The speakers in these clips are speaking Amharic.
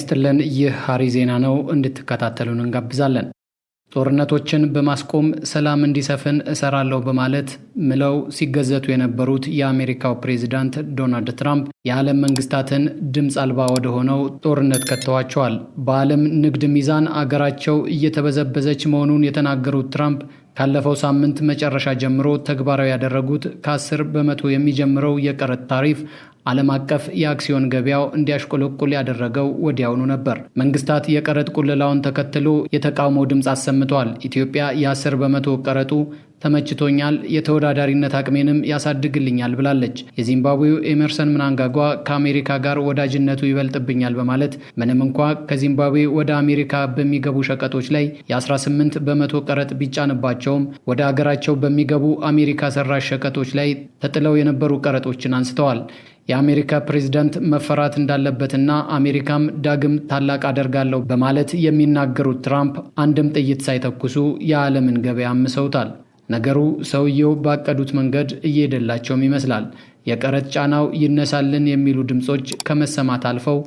ይስጥልን። ይህ ሓሪ ዜና ነው፣ እንድትከታተሉን እንጋብዛለን። ጦርነቶችን በማስቆም ሰላም እንዲሰፍን እሰራለሁ በማለት ምለው ሲገዘቱ የነበሩት የአሜሪካው ፕሬዚዳንት ዶናልድ ትራምፕ የዓለም መንግስታትን ድምፅ አልባ ወደ ሆነው ጦርነት ከተዋቸዋል። በዓለም ንግድ ሚዛን አገራቸው እየተበዘበዘች መሆኑን የተናገሩት ትራምፕ ካለፈው ሳምንት መጨረሻ ጀምሮ ተግባራዊ ያደረጉት ከ10 በመቶ የሚጀምረው የቀረጥ ታሪፍ ዓለም አቀፍ የአክሲዮን ገበያው እንዲያሽቆለቁል ያደረገው ወዲያውኑ ነበር። መንግስታት የቀረጥ ቁልላውን ተከትሎ የተቃውሞ ድምፅ አሰምተዋል። ኢትዮጵያ የ10 በመቶ ቀረጡ ተመችቶኛል፣ የተወዳዳሪነት አቅሜንም ያሳድግልኛል ብላለች። የዚምባብዌው ኤመርሰን ምናንጋጓ ከአሜሪካ ጋር ወዳጅነቱ ይበልጥብኛል በማለት ምንም እንኳ ከዚምባብዌ ወደ አሜሪካ በሚገቡ ሸቀጦች ላይ የ18 በመቶ ቀረጥ ቢጫንባቸውም ወደ አገራቸው በሚገቡ አሜሪካ ሰራሽ ሸቀጦች ላይ ተጥለው የነበሩ ቀረጦችን አንስተዋል። የአሜሪካ ፕሬዝዳንት መፈራት እንዳለበትና አሜሪካም ዳግም ታላቅ አደርጋለሁ በማለት የሚናገሩት ትራምፕ አንድም ጥይት ሳይተኩሱ የዓለምን ገበያ አምሰውታል። ነገሩ ሰውየው ባቀዱት መንገድ እየሄደላቸውም ይመስላል። የቀረጥ ጫናው ይነሳልን የሚሉ ድምፆች ከመሰማት አልፈው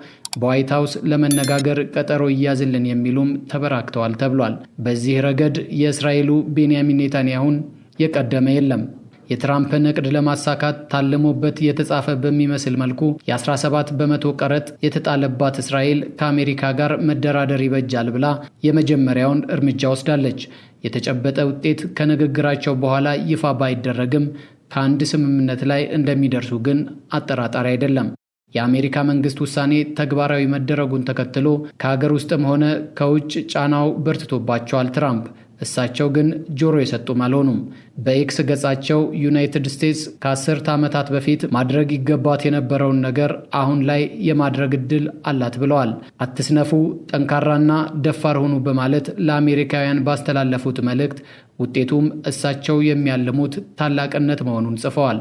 በዋይት ለመነጋገር ቀጠሮ ይያዝልን የሚሉም ተበራክተዋል ተብሏል። በዚህ ረገድ የእስራኤሉ ቤንያሚን ኔታንያሁን የቀደመ የለም። የትራምፕን እቅድ ለማሳካት ታልሞበት የተጻፈ በሚመስል መልኩ የ17 በመቶ ቀረጥ የተጣለባት እስራኤል ከአሜሪካ ጋር መደራደር ይበጃል ብላ የመጀመሪያውን እርምጃ ወስዳለች። የተጨበጠ ውጤት ከንግግራቸው በኋላ ይፋ ባይደረግም ከአንድ ስምምነት ላይ እንደሚደርሱ ግን አጠራጣሪ አይደለም። የአሜሪካ መንግስት ውሳኔ ተግባራዊ መደረጉን ተከትሎ ከሀገር ውስጥም ሆነ ከውጭ ጫናው በርትቶባቸዋል። ትራምፕ እሳቸው ግን ጆሮ የሰጡም አልሆኑም። በኤክስ ገጻቸው ዩናይትድ ስቴትስ ከአስርተ ዓመታት በፊት ማድረግ ይገባት የነበረውን ነገር አሁን ላይ የማድረግ እድል አላት ብለዋል። አትስነፉ፣ ጠንካራና ደፋር ሆኑ በማለት ለአሜሪካውያን ባስተላለፉት መልእክት ውጤቱም እሳቸው የሚያልሙት ታላቅነት መሆኑን ጽፈዋል።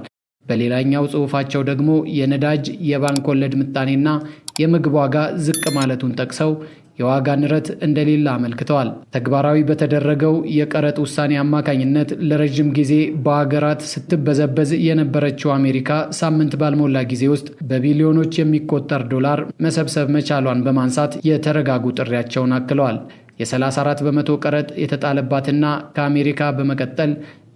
በሌላኛው ጽሑፋቸው ደግሞ የነዳጅ የባንክ ወለድ ምጣኔና የምግብ ዋጋ ዝቅ ማለቱን ጠቅሰው የዋጋ ንረት እንደሌለ አመልክተዋል። ተግባራዊ በተደረገው የቀረጥ ውሳኔ አማካኝነት ለረዥም ጊዜ በሀገራት ስትበዘበዝ የነበረችው አሜሪካ ሳምንት ባልሞላ ጊዜ ውስጥ በቢሊዮኖች የሚቆጠር ዶላር መሰብሰብ መቻሏን በማንሳት የተረጋጉ ጥሪያቸውን አክለዋል። የ34 በመቶ ቀረጥ የተጣለባትና ከአሜሪካ በመቀጠል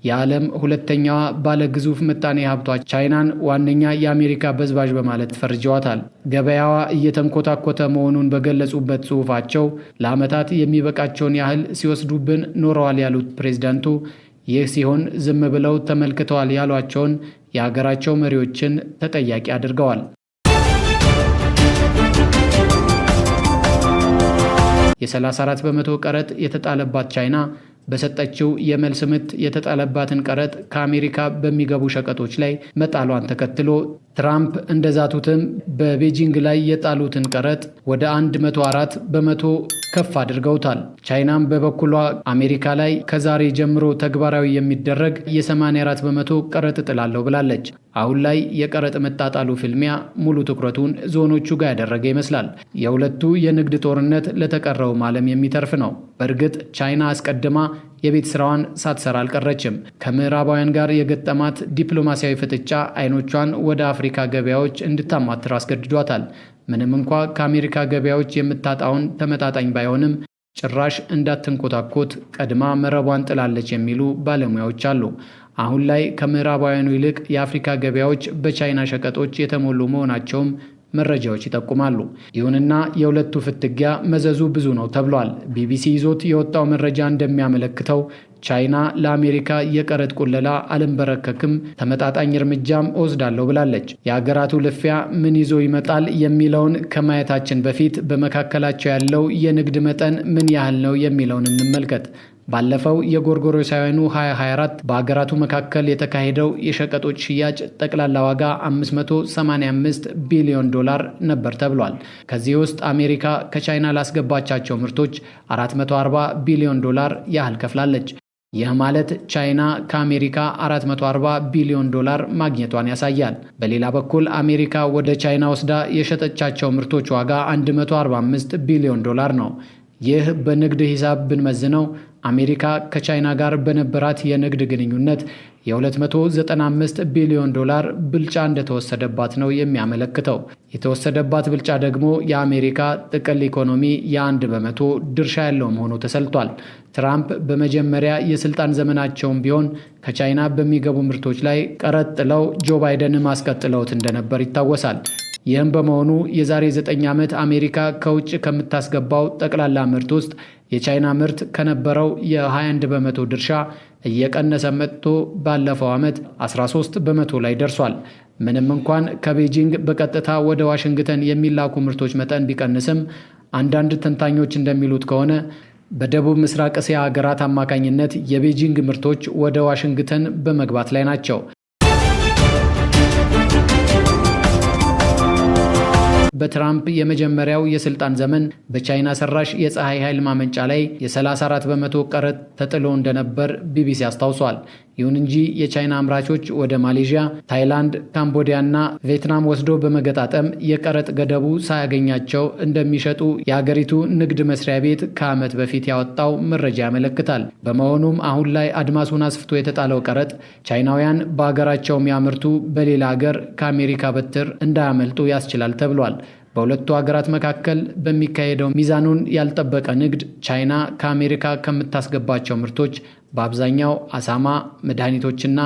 የዓለም ሁለተኛዋ ባለ ግዙፍ ምጣኔ ሀብቷ ቻይናን ዋነኛ የአሜሪካ በዝባዥ በማለት ፈርጀዋታል። ገበያዋ እየተንኮታኮተ መሆኑን በገለጹበት ጽሑፋቸው ለዓመታት የሚበቃቸውን ያህል ሲወስዱብን ኖረዋል ያሉት ፕሬዝዳንቱ ይህ ሲሆን ዝም ብለው ተመልክተዋል ያሏቸውን የሀገራቸው መሪዎችን ተጠያቂ አድርገዋል። የ34 በመቶ ቀረጥ የተጣለባት ቻይና በሰጠችው የመልስ ምት የተጣለባትን ቀረጥ ከአሜሪካ በሚገቡ ሸቀጦች ላይ መጣሏን ተከትሎ ትራምፕ እንደዛቱትም በቤጂንግ ላይ የጣሉትን ቀረጥ ወደ 104 በመቶ ከፍ አድርገውታል። ቻይናም በበኩሏ አሜሪካ ላይ ከዛሬ ጀምሮ ተግባራዊ የሚደረግ የ84 በመቶ ቀረጥ እጥላለሁ ብላለች። አሁን ላይ የቀረጥ መጣጣሉ ፍልሚያ ሙሉ ትኩረቱን ዞኖቹ ጋር ያደረገ ይመስላል። የሁለቱ የንግድ ጦርነት ለተቀረውም ዓለም የሚተርፍ ነው። በእርግጥ ቻይና አስቀድማ የቤት ስራዋን ሳትሰራ አልቀረችም። ከምዕራባውያን ጋር የገጠማት ዲፕሎማሲያዊ ፍጥጫ አይኖቿን ወደ አፍሪካ ገበያዎች እንድታማትር አስገድዷታል። ምንም እንኳ ከአሜሪካ ገበያዎች የምታጣውን ተመጣጣኝ ባይሆንም ጭራሽ እንዳትንኮታኮት ቀድማ መረቧን ጥላለች የሚሉ ባለሙያዎች አሉ። አሁን ላይ ከምዕራባውያኑ ይልቅ የአፍሪካ ገበያዎች በቻይና ሸቀጦች የተሞሉ መሆናቸውም መረጃዎች ይጠቁማሉ። ይሁንና የሁለቱ ፍትጊያ መዘዙ ብዙ ነው ተብሏል። ቢቢሲ ይዞት የወጣው መረጃ እንደሚያመለክተው ቻይና ለአሜሪካ የቀረጥ ቁለላ አልንበረከክም፣ ተመጣጣኝ እርምጃም እወስዳለሁ ብላለች። የአገራቱ ልፊያ ምን ይዞ ይመጣል የሚለውን ከማየታችን በፊት በመካከላቸው ያለው የንግድ መጠን ምን ያህል ነው የሚለውን እንመልከት። ባለፈው የጎርጎሮሳውያኑ 2024 በሀገራቱ መካከል የተካሄደው የሸቀጦች ሽያጭ ጠቅላላ ዋጋ 585 ቢሊዮን ዶላር ነበር ተብሏል። ከዚህ ውስጥ አሜሪካ ከቻይና ላስገባቻቸው ምርቶች 440 ቢሊዮን ዶላር ያህል ከፍላለች። ይህ ማለት ቻይና ከአሜሪካ 440 ቢሊዮን ዶላር ማግኘቷን ያሳያል። በሌላ በኩል አሜሪካ ወደ ቻይና ወስዳ የሸጠቻቸው ምርቶች ዋጋ 145 ቢሊዮን ዶላር ነው። ይህ በንግድ ሂሳብ ብንመዝነው አሜሪካ ከቻይና ጋር በነበራት የንግድ ግንኙነት የ295 ቢሊዮን ዶላር ብልጫ እንደተወሰደባት ነው የሚያመለክተው። የተወሰደባት ብልጫ ደግሞ የአሜሪካ ጥቅል ኢኮኖሚ የአንድ በመቶ ድርሻ ያለው መሆኑ ተሰልቷል። ትራምፕ በመጀመሪያ የስልጣን ዘመናቸውም ቢሆን ከቻይና በሚገቡ ምርቶች ላይ ቀረጥ ጥለው ጆ ባይደን ማስቀጥለውት እንደነበር ይታወሳል። ይህም በመሆኑ የዛሬ 9 ዓመት አሜሪካ ከውጭ ከምታስገባው ጠቅላላ ምርት ውስጥ የቻይና ምርት ከነበረው የ21 በመቶ ድርሻ እየቀነሰ መጥቶ ባለፈው ዓመት 13 በመቶ ላይ ደርሷል። ምንም እንኳን ከቤጂንግ በቀጥታ ወደ ዋሽንግተን የሚላኩ ምርቶች መጠን ቢቀንስም አንዳንድ ተንታኞች እንደሚሉት ከሆነ በደቡብ ምስራቅ እስያ ሀገራት አማካኝነት የቤጂንግ ምርቶች ወደ ዋሽንግተን በመግባት ላይ ናቸው። በትራምፕ የመጀመሪያው የስልጣን ዘመን በቻይና ሰራሽ የፀሐይ ኃይል ማመንጫ ላይ የ34 በመቶ ቀረጥ ተጥሎ እንደነበር ቢቢሲ አስታውሷል። ይሁን እንጂ የቻይና አምራቾች ወደ ማሌዥያ፣ ታይላንድ፣ ካምቦዲያ እና ቪየትናም ወስዶ በመገጣጠም የቀረጥ ገደቡ ሳያገኛቸው እንደሚሸጡ የአገሪቱ ንግድ መስሪያ ቤት ከዓመት በፊት ያወጣው መረጃ ያመለክታል። በመሆኑም አሁን ላይ አድማሱን አስፍቶ የተጣለው ቀረጥ ቻይናውያን በሀገራቸው የሚያመርቱ በሌላ ሀገር ከአሜሪካ በትር እንዳያመልጡ ያስችላል ተብሏል። በሁለቱ ሀገራት መካከል በሚካሄደው ሚዛኑን ያልጠበቀ ንግድ ቻይና ከአሜሪካ ከምታስገባቸው ምርቶች በአብዛኛው አሳማ፣ መድኃኒቶችና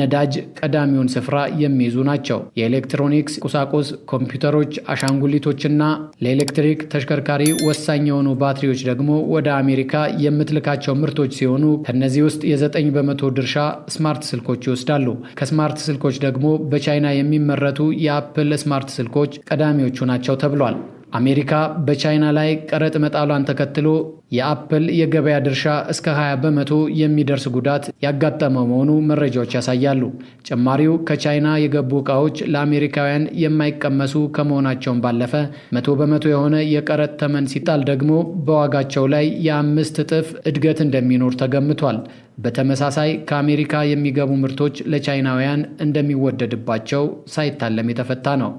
ነዳጅ ቀዳሚውን ስፍራ የሚይዙ ናቸው። የኤሌክትሮኒክስ ቁሳቁስ፣ ኮምፒውተሮች፣ አሻንጉሊቶችና ለኤሌክትሪክ ተሽከርካሪ ወሳኝ የሆኑ ባትሪዎች ደግሞ ወደ አሜሪካ የምትልካቸው ምርቶች ሲሆኑ ከእነዚህ ውስጥ የዘጠኝ በመቶ ድርሻ ስማርት ስልኮች ይወስዳሉ። ከስማርት ስልኮች ደግሞ በቻይና የሚመረቱ የአፕል ስማርት ስልኮች ቀዳሚዎቹ ናቸው ተብሏል። አሜሪካ በቻይና ላይ ቀረጥ መጣሏን ተከትሎ የአፕል የገበያ ድርሻ እስከ 20 በመቶ የሚደርስ ጉዳት ያጋጠመ መሆኑ መረጃዎች ያሳያሉ። ጭማሪው ከቻይና የገቡ ዕቃዎች ለአሜሪካውያን የማይቀመሱ ከመሆናቸውን ባለፈ መቶ በመቶ የሆነ የቀረጥ ተመን ሲጣል ደግሞ በዋጋቸው ላይ የአምስት እጥፍ እድገት እንደሚኖር ተገምቷል። በተመሳሳይ ከአሜሪካ የሚገቡ ምርቶች ለቻይናውያን እንደሚወደድባቸው ሳይታለም የተፈታ ነው።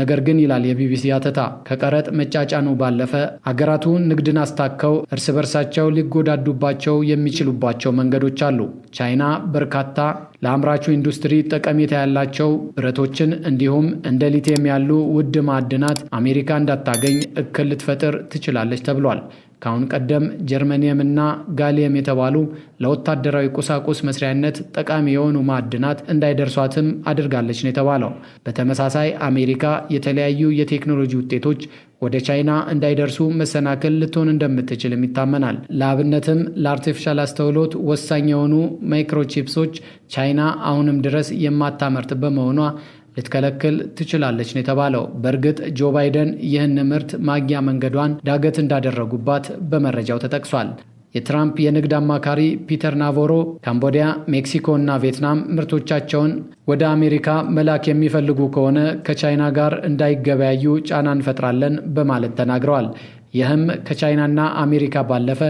ነገር ግን ይላል የቢቢሲ አተታ ከቀረጥ መጫጫኑ ባለፈ አገራቱ ንግድን አስታከው እርስ እርስ በርሳቸው ሊጎዳዱባቸው የሚችሉባቸው መንገዶች አሉ። ቻይና በርካታ ለአምራቹ ኢንዱስትሪ ጠቀሜታ ያላቸው ብረቶችን እንዲሁም እንደ ሊቴም ያሉ ውድ ማዕድናት አሜሪካ እንዳታገኝ እክል ልትፈጥር ትችላለች ተብሏል። ከአሁን ቀደም ጀርመኒየምና ጋሊየም የተባሉ ለወታደራዊ ቁሳቁስ መስሪያነት ጠቃሚ የሆኑ ማዕድናት እንዳይደርሷትም አድርጋለች ነው የተባለው። በተመሳሳይ አሜሪካ የተለያዩ የቴክኖሎጂ ውጤቶች ወደ ቻይና እንዳይደርሱ መሰናክል ልትሆን እንደምትችልም ይታመናል። ለአብነትም ለአርቲፊሻል አስተውሎት ወሳኝ የሆኑ ማይክሮቺፕሶች ቻይና አሁንም ድረስ የማታመርት በመሆኗ ልትከለክል ትችላለች ነው የተባለው። በእርግጥ ጆ ባይደን ይህን ምርት ማግኛ መንገዷን ዳገት እንዳደረጉባት በመረጃው ተጠቅሷል። የትራምፕ የንግድ አማካሪ ፒተር ናቮሮ ካምቦዲያ፣ ሜክሲኮ እና ቪየትናም ምርቶቻቸውን ወደ አሜሪካ መላክ የሚፈልጉ ከሆነ ከቻይና ጋር እንዳይገበያዩ ጫና እንፈጥራለን በማለት ተናግረዋል። ይህም ከቻይናና አሜሪካ ባለፈ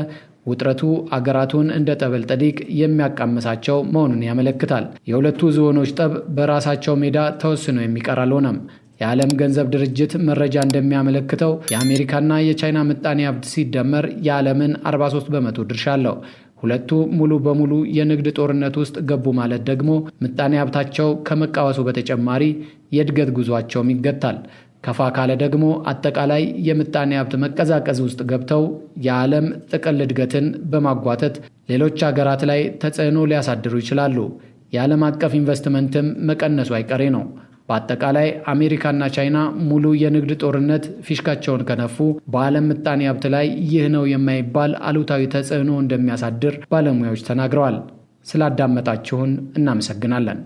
ውጥረቱ አገራቱን እንደ ጠበል ጠዲቅ የሚያቃምሳቸው መሆኑን ያመለክታል። የሁለቱ ዝሆኖች ጠብ በራሳቸው ሜዳ ተወስኖ የሚቀር አልሆነም። የዓለም ገንዘብ ድርጅት መረጃ እንደሚያመለክተው የአሜሪካና የቻይና ምጣኔ ሀብት ሲደመር የዓለምን 43 በመቶ ድርሻ አለው። ሁለቱ ሙሉ በሙሉ የንግድ ጦርነት ውስጥ ገቡ ማለት ደግሞ ምጣኔ ሀብታቸው ከመቃወሱ በተጨማሪ የእድገት ጉዟቸውም ይገታል። ከፋ ካለ ደግሞ አጠቃላይ የምጣኔ ሀብት መቀዛቀዝ ውስጥ ገብተው የዓለም ጥቅል እድገትን በማጓተት ሌሎች አገራት ላይ ተጽዕኖ ሊያሳድሩ ይችላሉ። የዓለም አቀፍ ኢንቨስትመንትም መቀነሱ አይቀሬ ነው። በአጠቃላይ አሜሪካና ቻይና ሙሉ የንግድ ጦርነት ፊሽካቸውን ከነፉ በዓለም ምጣኔ ሀብት ላይ ይህ ነው የማይባል አሉታዊ ተጽዕኖ እንደሚያሳድር ባለሙያዎች ተናግረዋል። ስላዳመጣችሁን እናመሰግናለን።